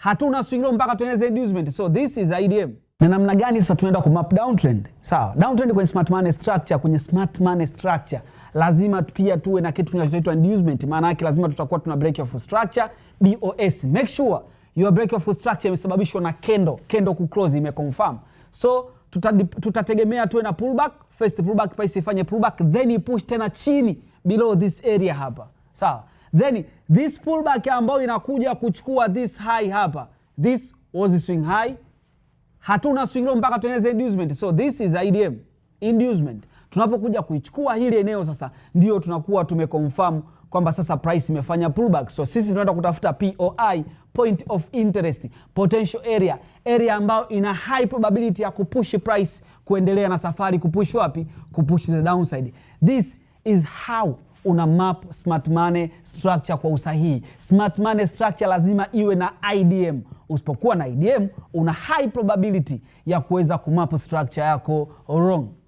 hatuna swing low mpaka tueneze inducement, so this is IDM. Na namna gani sasa tunaenda ku map downtrend? Sawa, downtrend kwenye smart money structure, kwenye smart money structure lazima pia tuwe na kitu kinachoitwa inducement. Maana yake lazima tutakuwa tuna break of structure BOS. Make sure your break of structure imesababishwa na kendo, kendo ku close imeconfirm. So tutategemea tuwe na pullback, first pullback price ifanye pullback then push tena chini below this area hapa. Sawa. So, then this pullback ambayo inakuja kuchukua this high hapa, this was swing high, hatuna swing low mpaka tueneze inducement, so this is IDM inducement. Tunapokuja kuichukua hili eneo sasa, ndio tunakuwa tumeconfirm kwamba sasa price imefanya pullback. So sisi tunaenda kutafuta POI, point of interest, potential area, area ambayo ina high probability ya kupush price kuendelea na safari, kupush wapi? Kupush the downside. This is how una map smart money structure kwa usahihi. Smart money structure lazima iwe na IDM. Usipokuwa na IDM, una high probability ya kuweza kumap structure yako wrong.